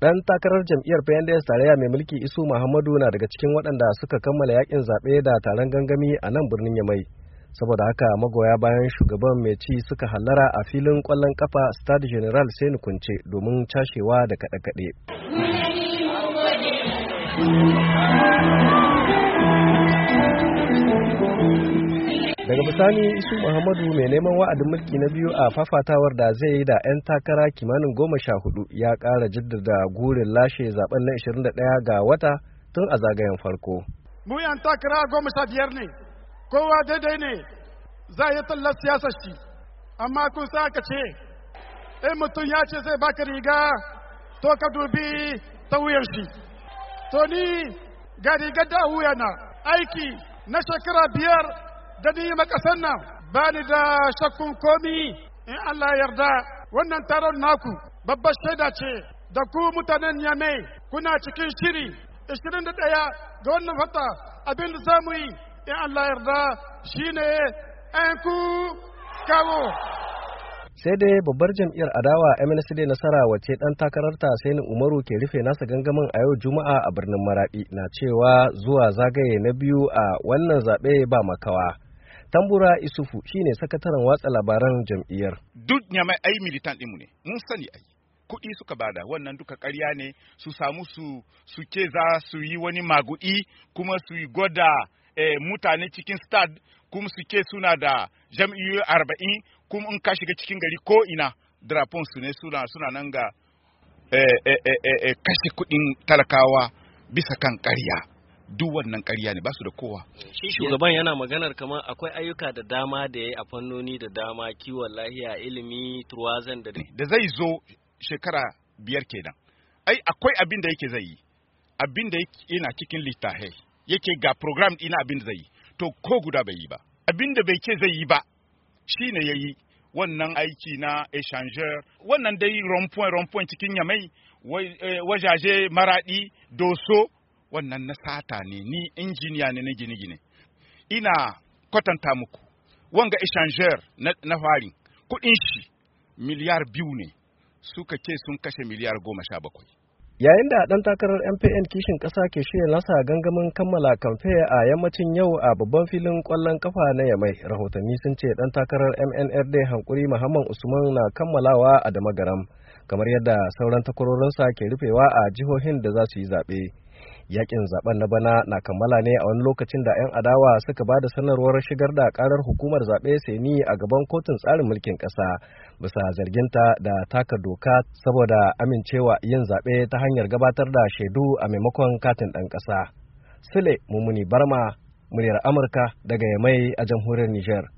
Dan takarar jam'iyyar PNDS tarayya mai mulki Isu Muhammadu na daga cikin waɗanda suka kammala yakin zaɓe da taron gangami a nan birnin Yamai. Saboda haka magoya bayan shugaban mai ci suka hallara a filin kwallon kafa Stade General sai Kunce domin cashewa da kaɗe-kaɗe. daga misali isu muhammadu mai neman wa'adin mulki na biyu a fafatawar da zai yi da 'yan takara kimanin goma sha hudu ya kara jaddada gurin lashe zaben na 21 ga wata tun a zagayen farko mu 'yan takara goma sha biyar ne kowa daidai ne za a yi tallar siyasar shi amma kun sa ka ce in mutum ya ce zai baka riga to ka dubi ta wuyar shi to ni ga rigar da wuya na aiki na shekara biyar da makasar nan ba ni da shakkun komi in Allah yarda wannan taron naku babbar shaida ce da ku mutanen Yame kuna cikin shiri 21 ga wannan fata abin da za mu yi in Allah yarda shine ‘yan ku kawo. Sai dai babbar jam'iyyar adawa MNC da nasara wace ɗan takararta sainin Umaru ke rufe nasa gangamin a yau Juma'a a birnin Maraɓi na cewa zuwa zagaye na biyu a wannan zaɓe ba makawa. Tambura Isufu shine sakataren watsa labaran jam'iyyar. Duk nyamai ai militan ɗinmu ne, mun sani ai. Kuɗi suka bada wannan duka ƙarya ne su samu su su ce za su yi wani magudi kuma su yi gwada eh, mutane cikin stad kuma su ke suna da jam'iyyar arba'in kuma in ka shiga cikin gari ko ina drapon su ne suna suna nan ga eh, eh, eh, eh, eh kashe kuɗin talakawa bisa kan ƙarya. duk wannan ƙarya ne ba su da kowa shugaban yana maganar kamar akwai ayyuka da dama da yayi a fannoni da dama kiwon lahiya ilimi turwazan da da zai zo shekara biyar kenan ai akwai abin da yake zai yi abin da yana cikin littahe yake ga program ina abin da zai yi to ko guda bai yi ba abin da bai ke zai yi ba shine yayi wannan aiki na échangeur wannan dai rompoint point cikin yamai eh, wajaje maradi doso wannan na sata ne ni injiniya ne na gine-gine ina kwatanta muku wanga echanger na fari kudin shi miliyar biyu ne suka ce sun kashe miliyar goma sha bakwai yayin da dan takarar mpn kishin kasa ke shirya nasa gangamin kammala kamfe a yammacin yau a babban filin kwallon kafa na yamai rahotanni sun ce dan takarar mnrd hankuri muhammad usman na kammalawa a damagaram kamar yadda sauran takwarorinsa ke rufewa a jihohin da za su yi zaɓe. yakin zaben na bana na kammala ne a wani lokacin da 'yan adawa suka ba da sanarwar shigar da karar hukumar zaɓe seni a gaban kotun tsarin mulkin ƙasa bisa zarginta da taka doka saboda amincewa yin zaɓe ta hanyar gabatar da shaidu a maimakon katin ɗan ƙasa sule mummuni barma muryar amurka daga yamai a jamhuriyar niger